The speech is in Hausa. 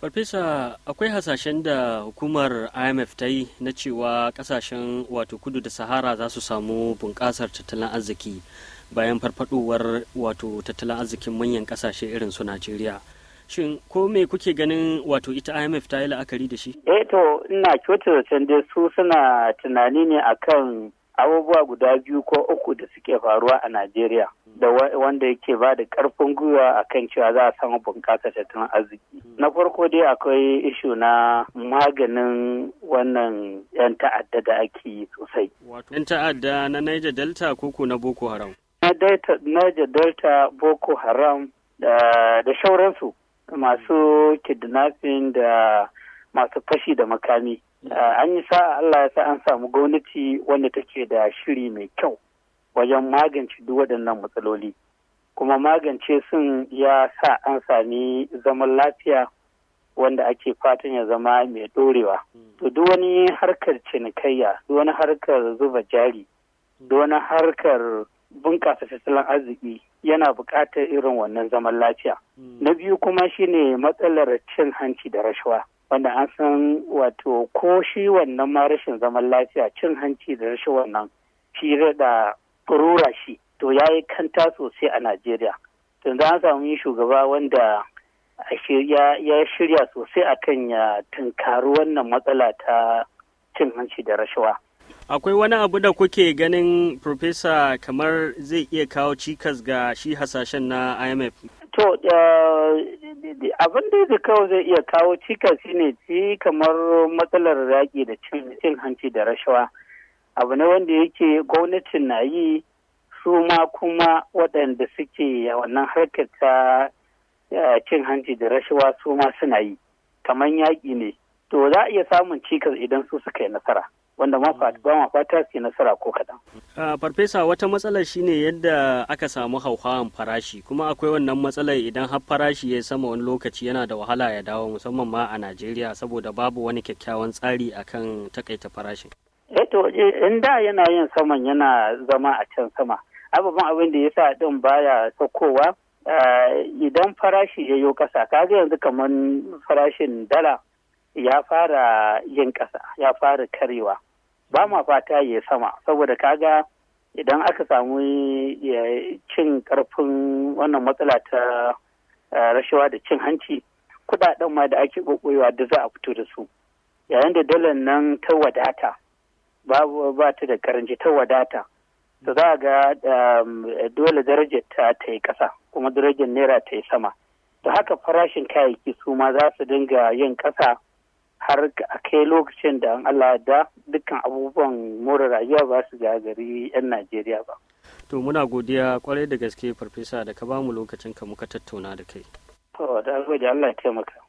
farfesa akwai hasashen da hukumar imf ta yi na cewa kasashen wato kudu da sahara za su samu bunƙasar tattalin arziki bayan farfadowar wato tattalin arzikin manyan kasashe irin su najeriya shin ko me kuke ganin wato ita imf ta yi la'akari da shi eh to ina kyautar dai su suna tunani ne akan abubuwa guda biyu ko uku da suke faruwa a Najeriya da wanda yake ba da karfin gwiwa a kan cewa za a samu bunƙasa tattalin arziki. Na farko dai akwai ishu na maganin wannan 'yan ta'adda da ake yi sosai. Wato 'yan ta'adda na Niger Delta koko na Boko Haram? Na Niger Delta, Boko Haram da shauransu masu kidnapping da masu fashi da makami. Eh, an yi sa'a Allah ya sa an samu gwamnati wanda take da shiri mai kyau wajen magance duk waɗannan matsaloli kuma magance sun ya sa an sami zaman lafiya wanda ake fatan ya zama mai ɗorewa. To duk wani harkar cinikayya, duk wani harkar zuba jari, duk wani harkar bunƙasa tattalin arziki yana buƙatar irin wannan zaman lafiya. Hmm. Na biyu kuma shine matsalar cin hanci da rashawa. Wanda an san wato ko shi wannan ma rashin zaman lafiya cin hanci da rashawa nan shi da rura shi to ya yi kanta sosai a Najeriya. Tun za a samu shugaba wanda ya shirya sosai akan ya tunkari wannan matsala ta cin hanci da rashawa. akwai wani abu da kuke ganin profesa kamar zai iya kawo cikas ga shi hasashen na imf to eh, abin da da kawai zai iya kawo cikas shi ne ci kamar matsalar yaƙi da cin hanci da rashawa abu ne wanda yake gwamnatin na yi su ma kuma waɗanda suke wannan harkar ta eh, cin hanci da rashawa su ma suna yi kamar yaƙi ne to za a iya samun cikas idan su suka yi nasara wanda ma ba ma fata nasara ko kaɗan. Farfesa wata matsalar shine yadda aka samu hauhawan farashi kuma akwai wannan matsalar idan har farashi ya sama wani lokaci yana da wahala ya dawo musamman ma a Najeriya saboda babu wani kyakkyawan tsari akan takaita farashin. Eto eh in da yana yin saman yana zama a can sama ababen abin da ya sa din baya saukowa idan farashi ya yi ƙasa kaga yanzu kamar farashin dala ya fara yin ƙasa ya fara karewa ba ma fata ya sama saboda kaga idan aka samu eh, cin karfin wannan matsala ta eh, rashawa da cin hanci kudaden ma da ake kokoyewa da za a fito da su yayin da dalar nan ta wadata babu ba ta da karanci ta wadata to za a ga um, dole darajar ta ta yi ƙasa kuma darajar naira ta yi sama da haka farashin kayayyaki su ma za su dinga yin ƙasa har a kai lokacin da an Allah da dukkan abubuwan more rayuwa ba su gagari 'yan Najeriya ba. To muna godiya kwarai da gaske farfesa da ka ba mu lokacin ka muka tattauna da kai. To da Allah ya taimaka.